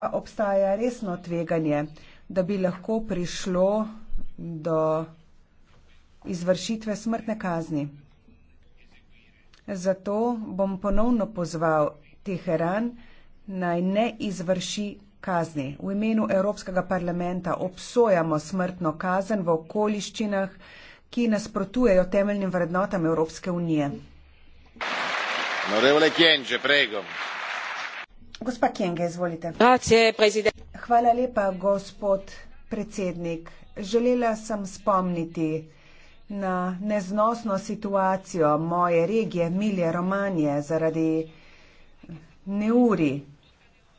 obstaja resno tveganje, da bi lahko prišlo do izvršitve smrtne kazni. Zato bom ponovno pozval Teheran naj ne izvrši kazni. V imenu Evropskega parlamenta obsojamo smrtno kazen v okoliščinah, ki nasprotujejo temeljnim vrednotam Evropske unije. Onorevole Kienge, prego. Gospa Kenge, izvolite. Hvala lepa, gospod predsednik. Želela sem spomniti na neznosno situacijo moje regije Milje Romanje zaradi neuri,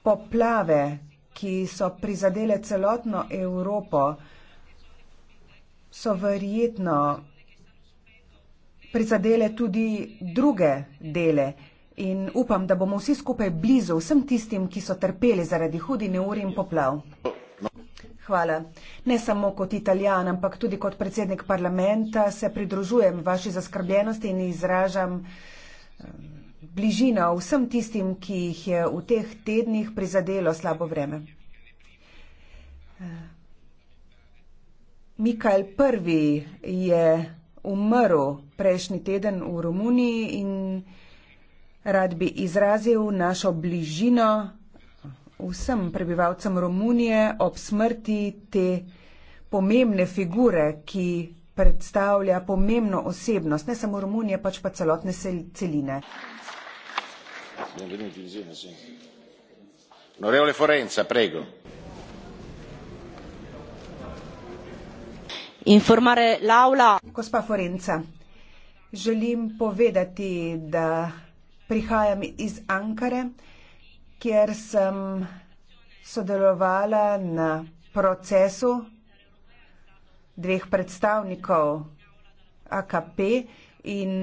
poplave, ki so prizadele celotno Evropo, so verjetno prizadele tudi druge dele in upam, da bomo vsi skupaj blizu vsem tistim, ki so trpeli zaradi hudi neuri in poplav. Hvala. Ne samo kot italijan, ampak tudi kot predsednik parlamenta se pridružujem vaši zaskrbljenosti in izražam eh, bližino vsem tistim, ki jih je v teh tednih prizadelo slabo vreme. Eh, Mikael I. je umrl prejšnji teden v Romuniji in rad bi izrazil našo bližino vsem prebivalcem Romunije ob smrti te pomembne figure, ki predstavlja pomembno osebnost ne samo Romunije, pač pa celotne celine. Onorevole Forenza, prego. Informare l'aula. Gospa Forenca, želim povedati, da Prihajam iz Ankare, kjer sem sodelovala na procesu dveh predstavnikov AKP in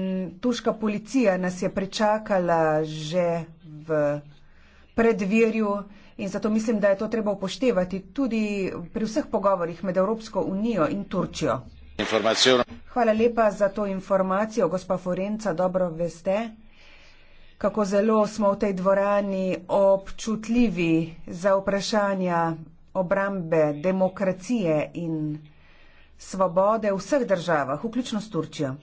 tuška policija nas je pričakala že v predvirju in zato mislim, da je to treba upoštevati tudi pri vseh pogovorjih med Evropsko unijo in Turčijo. Hvala lepa za to informacijo, gospa Forenca, dobro veste kako zelo smo v tej dvorani občutljivi za vprašanja obrambe, demokracije in svobode v vseh državah, vključno s Turčijo.